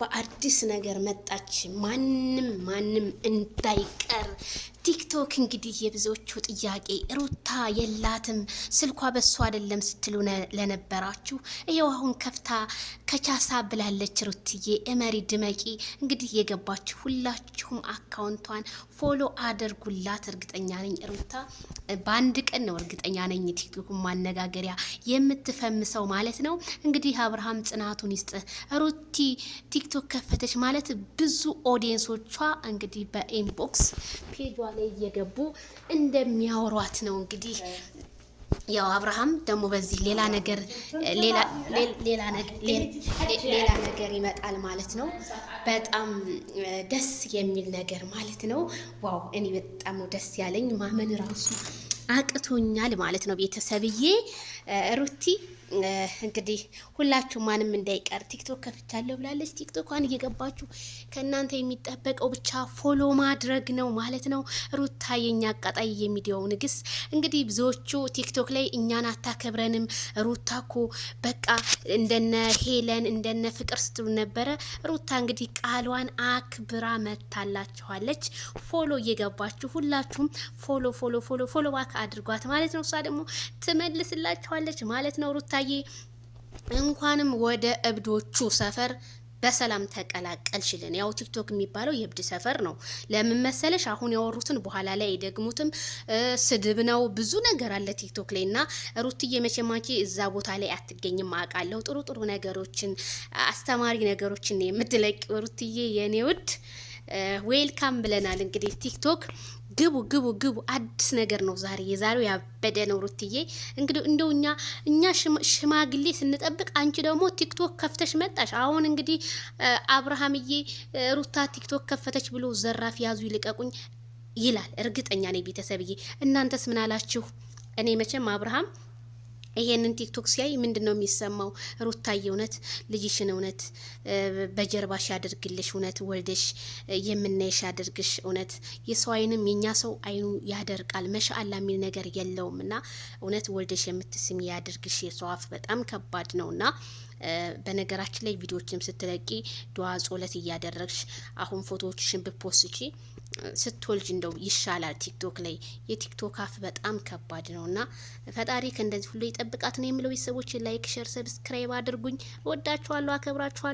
በአዲስ ነገር መጣች። ማንም ማንም እንዳይቀር ቲክቶክ እንግዲህ የብዙዎቹ ጥያቄ ሩታ የላትም ስልኳ በሱ አይደለም ስትሉ ለነበራችሁ ይኸው አሁን ከፍታ ከቻሳ ብላለች። ሩትዬ እመሪ ድመቂ። እንግዲህ የገባችሁ ሁላችሁም አካውንቷን ፎሎ አድርጉላት። እርግጠኛ ነኝ ሩታ በአንድ ቀን ነው እርግጠኛ ነኝ ቲክቶክን ማነጋገሪያ የምትፈምሰው ማለት ነው። እንግዲህ አብርሃም ጽናቱን ይስጥ ሩቲ ቲክቶክ ከፈተች ማለት ብዙ ኦዲየንሶቿ እንግዲህ በኢንቦክስ ፔጇ ላይ እየገቡ እንደሚያወሯት ነው። እንግዲህ ያው አብርሃም ደግሞ በዚህ ሌላ ነገር ሌላ ነገር ይመጣል ማለት ነው። በጣም ደስ የሚል ነገር ማለት ነው። ዋው እኔ በጣም ነው ደስ ያለኝ ማመን ራሱ አቅቶኛል ማለት ነው። ቤተሰብዬ ሩቲ እንግዲህ ሁላችሁ ማንም እንዳይቀር ቲክቶክ ከፍቻለሁ ብላለች። ቲክቶኳን እየገባችሁ ከእናንተ የሚጠበቀው ብቻ ፎሎ ማድረግ ነው ማለት ነው። ሩታ የኛ አቃጣይ የሚዲያው ንግስ። እንግዲህ ብዙዎቹ ቲክቶክ ላይ እኛን አታከብረንም ሩታ ኮ በቃ እንደነ ሄለን እንደነ ፍቅር ስትሉ ነበረ። ሩታ እንግዲህ ቃሏን አክብራ መታላችኋለች። ፎሎ እየገባችሁ ሁላችሁም ፎሎ ፎሎ ፎሎ ፎሎ አድርጓት ማለት ነው። እሷ ደግሞ ትመልስላችኋለች ማለት ነው። ሩታዬ እንኳንም ወደ እብዶቹ ሰፈር በሰላም ተቀላቀልሽልን። ያው ቲክቶክ የሚባለው የእብድ ሰፈር ነው። ለምን መሰለሽ? አሁን ያወሩትን በኋላ ላይ የደግሙትም ስድብ ነው። ብዙ ነገር አለ ቲክቶክ ላይ እና ሩትዬ መቼም አንቺ እዛ ቦታ ላይ አትገኝም አውቃለሁ። ጥሩ ጥሩ ነገሮችን አስተማሪ ነገሮችን የምትለቅ ሩትዬ የኔ ውድ ዌልካም ብለናል። እንግዲህ ቲክቶክ ግቡ ግቡ ግቡ። አዲስ ነገር ነው ዛሬ። የዛሬው ያበደ ነው። ሩትዬ እንግዲህ እንደው እኛ እኛ ሽማግሌ ስንጠብቅ አንቺ ደግሞ ቲክቶክ ከፍተሽ መጣሽ። አሁን እንግዲህ አብርሃምዬ ሩታ ቲክቶክ ከፈተች ብሎ ዘራፍ ያዙ ይልቀቁኝ ይላል። እርግጠኛ ነኝ ቤተሰብዬ። እናንተስ ምን አላችሁ? እኔ መቼም አብርሃም ይሄንን ቲክቶክ ሲያይ ምንድን ነው የሚሰማው? ሩታዬ እውነት ልጅሽን እውነት በጀርባሽ ያደርግልሽ፣ እውነት ወልደሽ የምናይሽ ያደርግሽ። እውነት የሰው አይንም የኛ ሰው አይኑ ያደርቃል፣ መሻአላ የሚል ነገር የለውም እና እውነት ወልደሽ የምትስሚ ያደርግሽ። የሰው አፍ በጣም ከባድ ነው እና በነገራችን ላይ ቪዲዮችም ስትለቂ ድዋ ጾለት እያደረግሽ አሁን ፎቶዎችሽን ብፖስቺ ስትወልጅ እንደው ይሻላል። ቲክቶክ ላይ የቲክቶክ አፍ በጣም ከባድ ነው እና ፈጣሪ ከእንደዚህ ሁሉ ይጠብቃት ነው የምለው። ቤተሰቦች ላይክ፣ ሸር፣ ሰብስክራይብ አድርጉኝ። ወዳችኋለሁ፣ አከብራችኋለሁ።